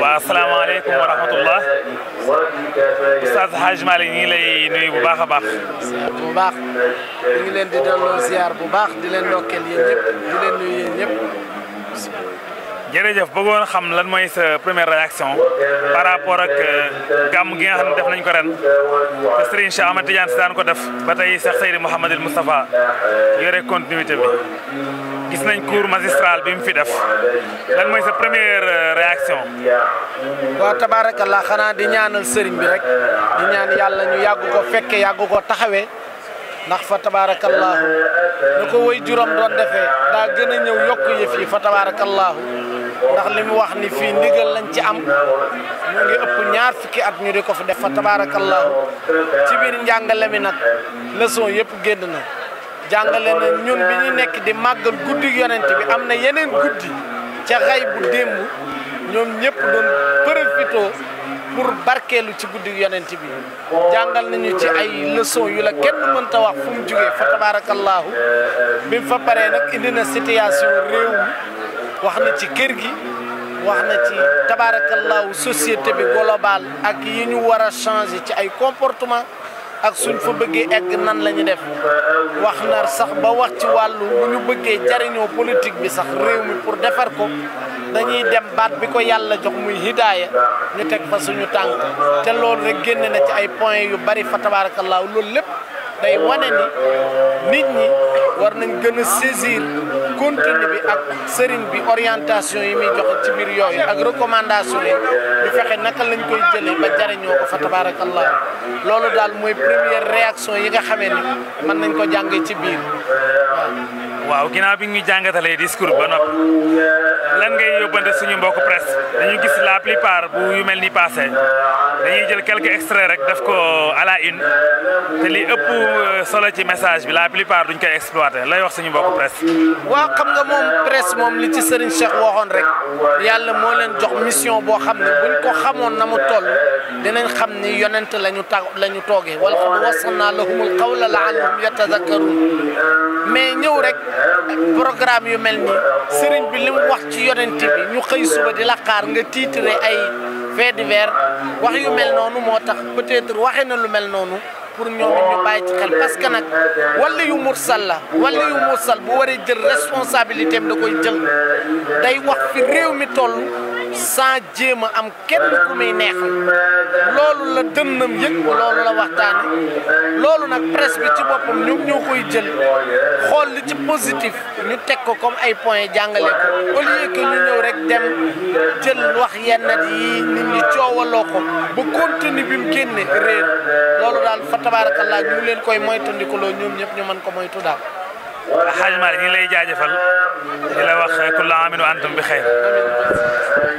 waa asalaamaaleykum wa rahmatullah Oustaz Hadj Malick ñi lay nuyu bu baax a baax bu baax ñu ngi leen di delloo ziar bu baax di leen ndokkeel yéen ñëpp di leen nuyu yéen ñëpp jërëjëf bëggoon xam lan mooy sa première réaction par rapport ak euh, gàmm gi nga xam ne def nañ ko ren te Serigne Cheikh Ahmed Tidiane ko def ba tey Cheikh Seydi Mouhamadul Moustapha yore continuité bi gis nañ cours magistral bi mu fi def lan mooy sa première euh, réaction. waaw tabaarakallah xanaa di ñaanal sëriñ bi rek di ñaan yàlla ñu yàgg ko fekke yàgg ko taxawee. ndax fa tabaarakallaahu nu ko woy juróom doon defee daa gën a ñëw yokk yëf yi fa tabaarakallaahu ndax li mu wax ni fii ndigal lañ ci am mu ngi ëpp ñaar fukki at ñu di ko fi def fa tabaarakallaahu ci biir njàngale mi nag leçon yëpp génn na jàngale na ñun bi ñu nekk di màggal guddi yonent bi am na yeneen guddi ca xay bu démb ñoom ñëpp doon profitoo pour barkeelu ci guddi yonent bi jàngal nañu ci ay leçon yu la kenn mënta wax fu mu jugee fa tabaarakallaahu bi fa pare nag indi na situation réew mi wax na ci kër gi wax na ci tabaarakallaahu société bi global ak yi ñu war a changer ci ay comportement ak suñ fa bëggee egg nan la ñu def wax na sax ba wax ci wàllu bu ñu bëggee jariñoo politique bi sax réew mi pour defar ko dañuy dem baat bi ko yàlla jox muy hidaaya ñu teg fa suñu tànk te loolu rek génne na ci ay points yu bari fa tabaarakallaahu loolu lépp day wane ni nit ñi war nañ gën a saisir contenu bi ak sëriñ bi orientation yi muy joxe ci biir yooyu ak recommandation yi ñu fexe naka lañ koy jëlee ba jariñoo ko fa tabaarakallah loolu daal mooy première réaction yi nga xamee ni man nañ ko jàngee ci biir waaw ginnaaw bi ñu jàngatalee discours ba noppi lan ngay yóbbante suñu mbokk presse dañu gis la plupart bu yu mel ni passé dañu jël quelques extraits rek daf ko à la te li ëpp Euh, solo ci message bi la plupart duñ koy exploiter lay wax suñu bokk presse. wa xam nga mom presse mom li ci Serigne Cheikh waxone rek yalla mo leen jox mission bo xam buñ ko xamone namu toll dinañ xamni yonent lañu lañu ta wal ñu toogee xam wasanna lahumul qawla laallahum yatadakkarun mais ñëw rek programme yu melni nii Serigne bi li wax ci yonent bi ñu xey suba di la xaar nga tiitre ay faits divers wax yu mel nonu motax peut-être waxe na lu mel nonu pour ñoom it ñu xel parce que nag wala yu mursal la wala yu mursal bu waree jël responsabilité am da koy jël day wax fi réew mi toll. sans jéem a am kenn ku muy neexal loolu la dënnam yëg loolu la waxtaane loolu nag presse ci boppam ñu ñoo koy jël xool li ci positif ñu teg ko comme ay point jàngale ko au lieu que ñu ñëw rek dem jël wax yennat yi nit ñi coowaloo ko ba contenu bi mu génne loolu daal fa tabaarakallaa ñu leen koy moytandikuloo ñoom ñëpp ñu man ko moytu daal Xaaj Maalik ñu ngi lay jaajëfal di la wax kullu aamin wa antum bi xeyr